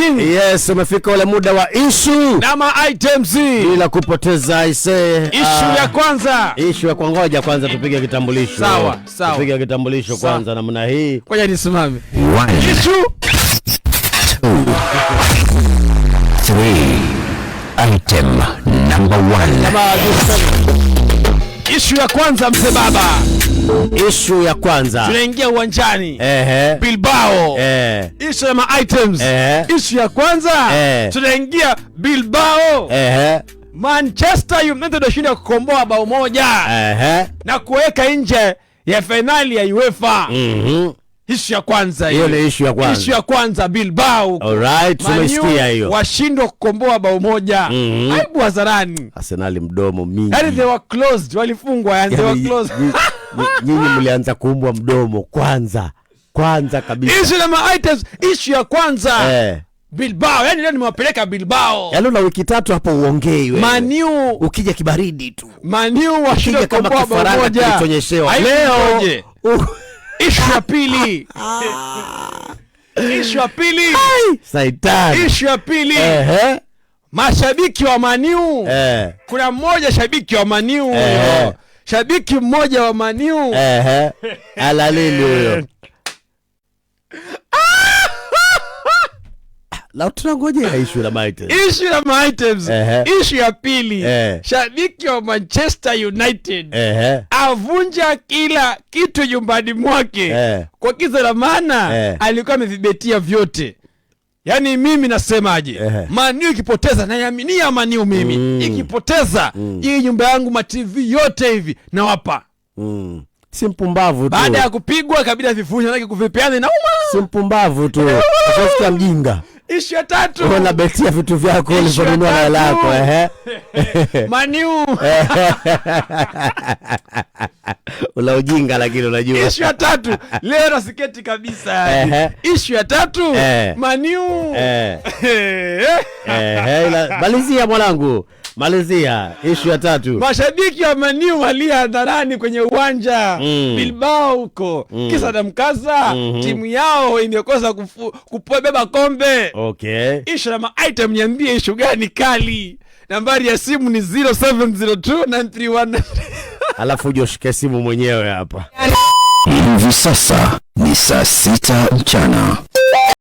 making. Yes, umefika ule muda wa issue. Nama items. Bila kupoteza ise. Issue ah, ya kwanza. Issue ya kwangoja kwanza tupige kitambulisho. Sawa, sawa. Tupige kitambulisho kwanza namna hii. Ngoja nisimame. Issue. Item number one. Issue ya kwanza mzee baba. Ishu ya kwanza tunaingia uwanjani ehe, Bilbao ehe, Ishu ya ma items eh. Ishu ya kwanza eh, tunaingia Bilbao ehe, Manchester United washinda kukomboa bao moja ehe, na kuweka nje ya fainali ya UEFA mm -hmm. Ishu ya kwanza hiyo ni ishu ya kwanza, ishu ya kwanza Bilbao, alright, tumesikia hiyo, washindwa kukomboa bao moja mm -hmm. Aibu hadharani, Arsenal mdomo mingi, yani they were closed, walifungwa yani they were yaani closed nyinyi mlianza kuumbwa mdomo kwanza kwanza kabisa. Hizi na items issue ya kwanza eh. Bilbao, yani leo nimewapeleka Bilbao. yani una wiki tatu hapo uongei wewe. Maniu ukija kibaridi tu. Maniu washinde kama kifaranga kilichonyeshewa. Leo ishu ya pili. ishu ya pili. Saitani. ishu ya pili. Ehe. Mashabiki wa Maniu. Eh. Kuna mmoja shabiki wa Maniu. Eh shabiki mmoja wa maniu ehe, alalili huyo la tunangojea ishu la maitems, ishu la maitems, ishu ya pili ehe, shabiki wa Manchester United ehe, avunja kila kitu nyumbani mwake ehe, kwa kiza la maana eh. alikuwa amevibetia vyote Yaani mimi nasemaje? Maniu ikipoteza naiaminia Maniu mimi. Mm. Ikipoteza mm. nyumba yangu matv yote hivi nawapa. Mm. Si mpumbavu tu. Baada ya kupigwa kabida vifunya na kuvipeana inauma. Si mpumbavu tu. Sasa mjinga. Ishu ya tatu. Una betia vitu vyako ulivyonunua na hela ehe. Maniu. la ujinga, lakini unajua ishu ya tatu leo na siketi kabisa yani. ishu ya tatu maniu malizia mwanangu, malizia ishu ya tatu. Mashabiki wa maniu walia hadharani kwenye uwanja mm. Bilbao huko mm. kisa na mkasa mm -hmm. timu yao imekosa kubeba kombe okay. Ishu na maitem, niambie ishu gani kali? Nambari ya simu ni 931 alafu uje ushike simu mwenyewe hapa hivi. Sasa ni saa sita mchana.